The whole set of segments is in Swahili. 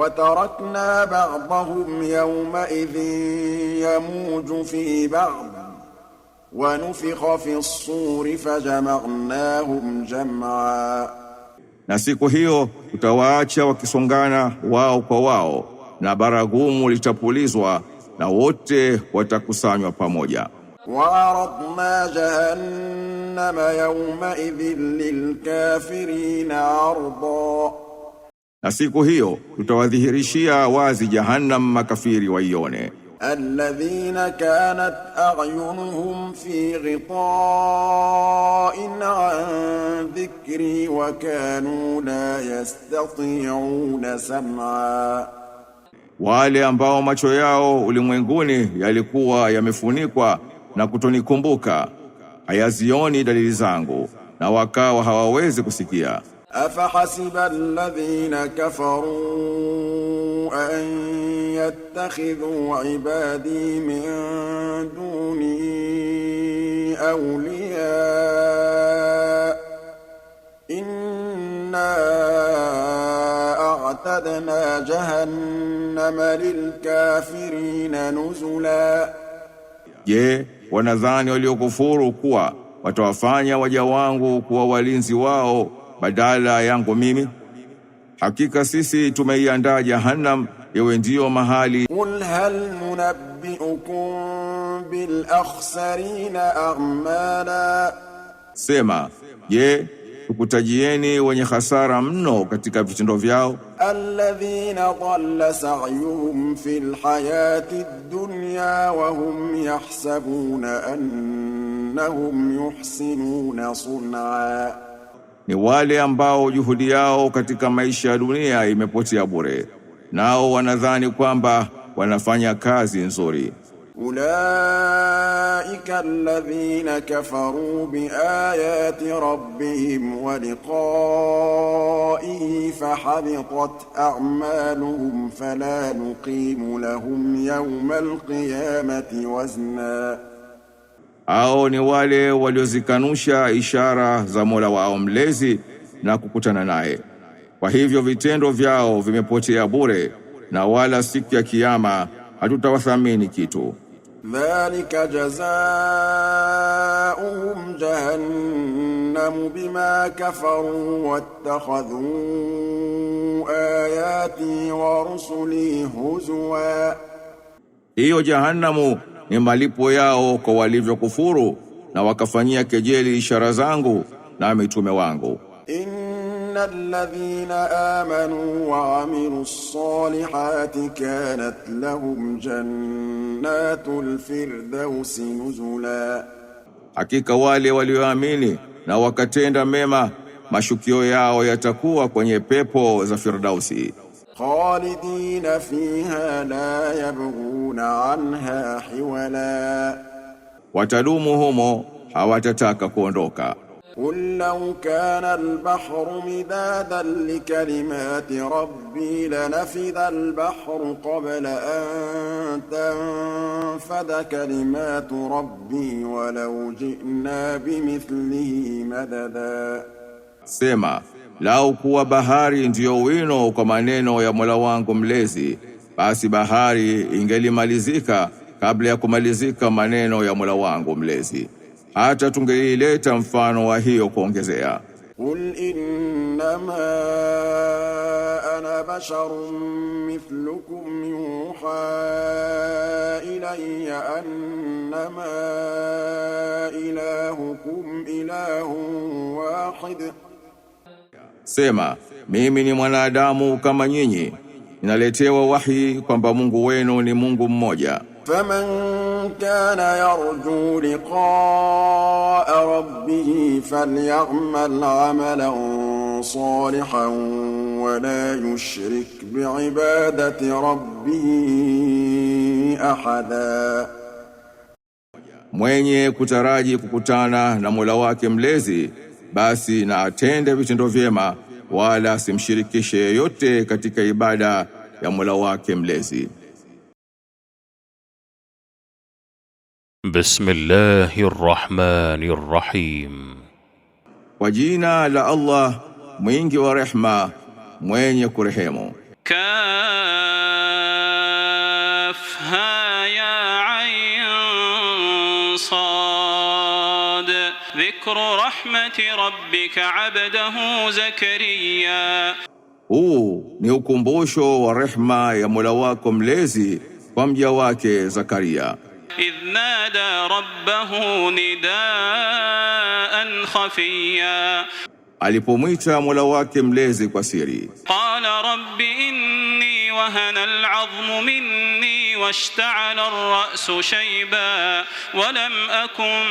وتركنا بعضهم يومئذ يموج في بعض ونفخ في الصور فجمعناهم جمعا na siku hiyo utawaacha wakisongana wao kwa wao na baragumu litapulizwa na wote watakusanywa pamoja waaradna jahannama yawma idhin lilkafirina arda na siku hiyo tutawadhihirishia wazi Jahannam makafiri waione. alladhina kanat a'yunuhum fi ghita'in an dhikri wa kanu la yastati'una sam'a, wale ambao macho yao ulimwenguni yalikuwa yamefunikwa na kutonikumbuka, hayazioni dalili zangu na wakawa hawawezi kusikia. أفحسب الذين كفروا أن يتخذوا عبادي من دوني أولياء إنا أعتدنا جهنم للكافرين نزلا Je, wanadhani waliokufuru كوا watawafanya waja wangu kuwa walinzi wao badala yangu mimi. Hakika sisi tumeiandaa Jahannam yewe ndiyo mahali. Qul hal munabbiukum bil akhsarina a'mala, sema je, tukutajieni wenye hasara mno katika vitendo vyao. Alladhina dhalla sa'yuhum fil hayati dunya wa hum yahsabuna annahum yuhsinuna sun'a ni wale ambao juhudi yao katika maisha ya dunia imepotea bure, nao wanadhani kwamba wanafanya kazi nzuri. Ulaika alladhina kafaru ayati rabbihim wa liqaihi fahabitat a'maluhum fala nuqimu lahum yawma alqiyamati wazna hao ni wale waliozikanusha ishara za Mola wao mlezi na kukutana naye. Kwa hivyo vitendo vyao vimepotea bure, na wala siku ya Kiyama hatutawathamini kitu. Dhalika jazaohum jahannamu bima kafaru wattakhadhu ayati wa rusuli huzwa, hiyo jahannamu ni malipo yao kwa walivyokufuru na wakafanyia kejeli ishara zangu na mitume wangu. Innal ladhina amanu wa amilu ssalihati kanat lahum jannatul firdausi nuzula, hakika wale walioamini na wakatenda mema mashukio yao yatakuwa kwenye pepo za Firdausi. خالدين فيها لا يبغون عنها حولا وتلومهم hawatataka kuondoka. قل لو كان البحر مدادا لكلمات ربي لنفذ البحر قبل أن تنفذ كلمات ربي ولو جئنا بمثله مددا سيما Lau kuwa bahari ndiyo wino kwa maneno ya Mola wangu mlezi, basi bahari ingelimalizika kabla ya kumalizika maneno ya Mola wangu mlezi, hata tungeileta mfano wa hiyo kuongezea. Qul innama ana basharun mithlukum yuha ilayya annama ilahukum ilahun wahid Sema, mimi ni mwanadamu kama nyinyi, ninaletewa wahi kwamba Mungu wenu ni Mungu mmoja. Faman kana yarju liqaa rabbihi falyamal amalan salihan wa la yushrik biibadati rabbihi ahada, mwenye kutaraji kukutana na Mola wake mlezi basi na atende vitendo vyema wala asimshirikishe yeyote katika ibada ya Mola wake mlezi. Bismillahir Rahmanir Rahim, kwa jina la Allah mwingi wa rehma mwenye kurehemu. Kaf ha ya ayn ذكر رحمة ربك عبده زكريا هو بوشو ورحمة يا ملواكم ليزي ومجواك زكريا إذ نادى ربه نداء خفيا علي بوميتا ملواكم ليزي قصيري قال رب إني وهن العظم مني واشتعل الرأس شيبا ولم أكن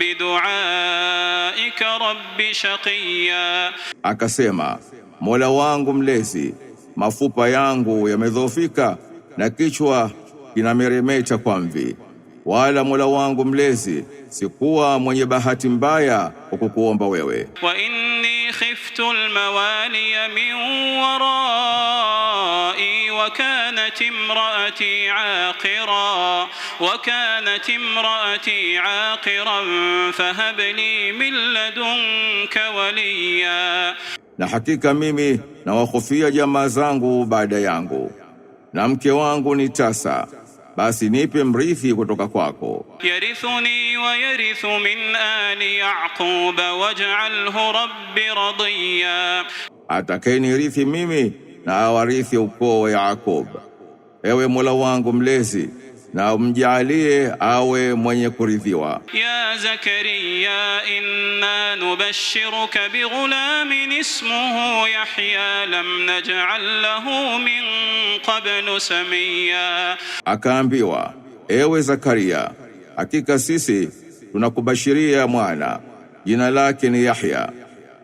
بدعائك رب شقيا akasema Mola wangu mlezi mafupa yangu yamedhoofika na kichwa kinameremeta kwa mvi wala Mola wangu mlezi, sikuwa mwenye bahati mbaya kwa kukuomba wewe. wa inni khiftu almawaliya min warai wa kanat imraati aqira wa kanat imraati aqiran fahab li min ladunka waliya, na hakika mimi nawahofia jamaa zangu baada yangu na mke wangu ni tasa basi nipe mrithi kutoka kwako. yarithuni wa yarithu min ali yaqub waj'alhu rabbi radiya, atakenirithi mimi na awarithi ukoo wa Yaqub. Ewe Mola wangu mlezi na umjalie awe mwenye kuridhiwa. Ya Zakaria inna nubashiruka bighulamin ismuhu Yahya lam naj'al lahu min qablu samia, akaambiwa ewe Zakaria, hakika sisi tunakubashiria mwana jina lake ni Yahya,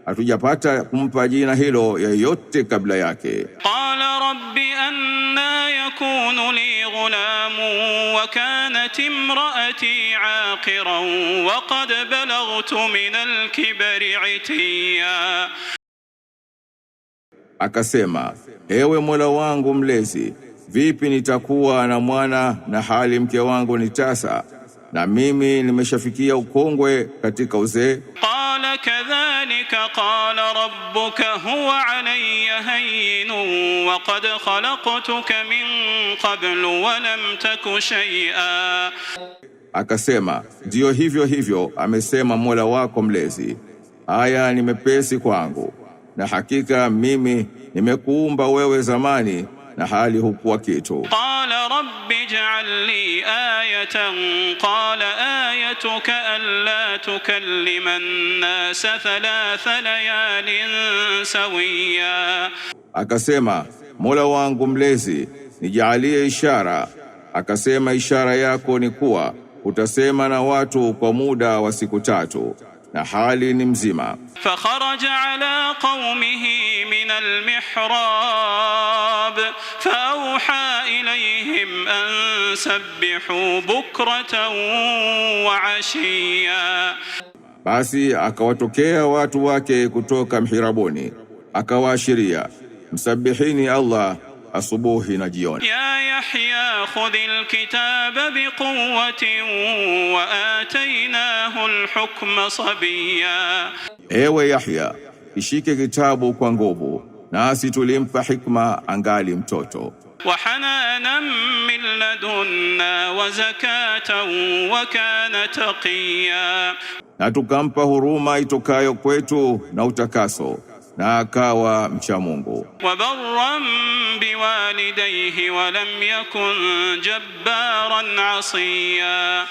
hatujapata kumpa jina hilo yeyote kabla yake. Qala rabbi anna yakunu li وكانت امرأتي عاقرا وقد بلغت من الكبر عتيا Akasema, ewe Mola wangu mlezi, vipi nitakuwa na mwana na hali mke wangu ni tasa na mimi nimeshafikia ukongwe katika uzee? كذلك قال ربك هو علي هين وقد خلقتك من قبل ولم تك شيئا Akasema, ndiyo hivyo hivyo amesema Mola wako mlezi, haya ni mepesi kwangu, na hakika mimi nimekuumba wewe zamani na hali hukuwa kitu. Qala rabbi ij'al li ayatan qala ayatuka alla tukallima an-nasa thalatha layalin sawiya, akasema Mola wangu mlezi nijaalie ishara. Akasema ishara yako ni kuwa utasema na watu kwa muda wa siku tatu na hali ni mzima. kharaja ala qaumihi المحراب فأوحى إليهم أن سبحوا بكرة وعشيا Basi akawatokea watu wake kutoka mhirabuni, akawaashiria msabihini Allah asubuhi na jioni. Ya Yahya khudhil kitaba biquwwatin wa atainahu alhukma sabiya, ewe Yahya ishike kitabu kwa nguvu, nasi tulimpa hikma angali mtoto. wa hananan min ladunna wa zakatan wa kana taqiya, na tukampa huruma itokayo kwetu na utakaso na akawa mcha Mungu. wa barran biwalidayhi wa lam yakun jabbaran asiya,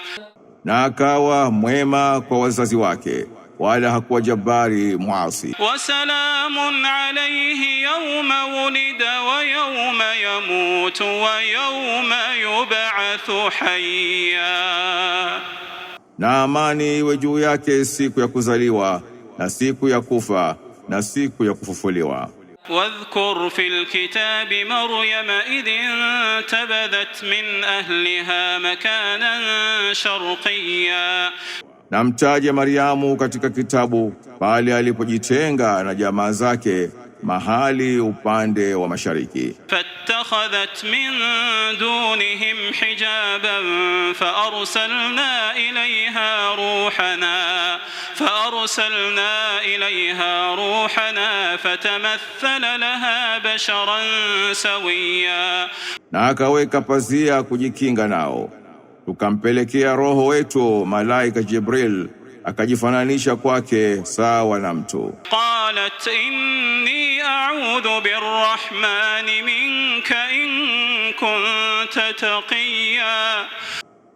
na akawa mwema kwa wazazi wake wala hakuwa jabari muasi. Wasalamun alayhi yawma wulida wa yawma yamutu wa yawma yub'athu hayya, na amani iwe juu yake siku ya kuzaliwa na siku ya kufa na siku ya kufufuliwa. Wadhkur fil kitabi Maryama idh intabadhat min ahliha makanan sharqiyya na mtaje Mariamu katika kitabu pale alipojitenga na jamaa zake mahali upande wa mashariki. fattakhadhat min dunihim hijaban fa arsalna ilayha ruhana fa arsalna ilayha ruhana fatamathala laha basharan sawiya, na akaweka pazia kujikinga nao tukampelekea roho wetu malaika Jibril akajifananisha kwake sawa na mtu. Qalat inni a'udhu birrahmani minka in kunta taqiya,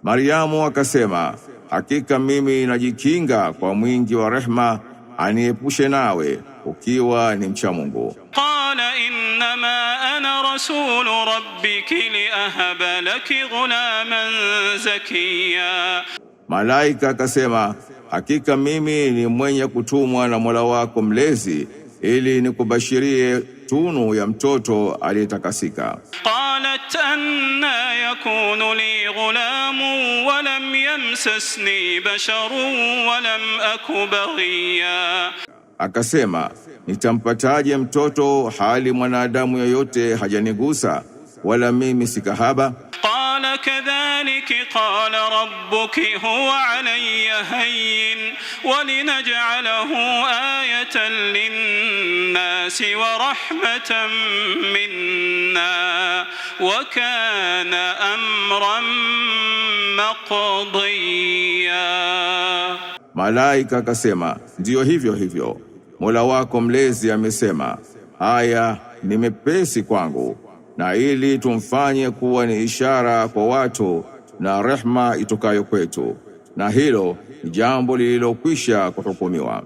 Mariamu akasema hakika mimi najikinga kwa mwingi wa rehma, aniepushe nawe ukiwa ni mcha Mungu. Qala innama رسول ربك لأهب laki ghulaman zakiya. Malaika akasema hakika mimi ni mwenye kutumwa na Mola wako mlezi ili nikubashirie tunu ya mtoto aliyetakasika. Qalat anna yakunu li ghulamu wa lam yamsasni basharun wa lam aku baghiya Akasema, nitampataje mtoto hali mwanadamu yoyote hajanigusa wala mimi si kahaba? Qala kadhalika qala rabbuki huwa alayya hayyin wa linaj'alahu ayatan lin-nasi wa rahmatan minna wa kana amran maqdiya Malaika akasema ndiyo hivyo hivyo, Mola wako mlezi amesema, haya ni mepesi kwangu, na ili tumfanye kuwa ni ishara kwa watu na rehma itokayo kwetu, na hilo ni jambo lililokwisha kuhukumiwa.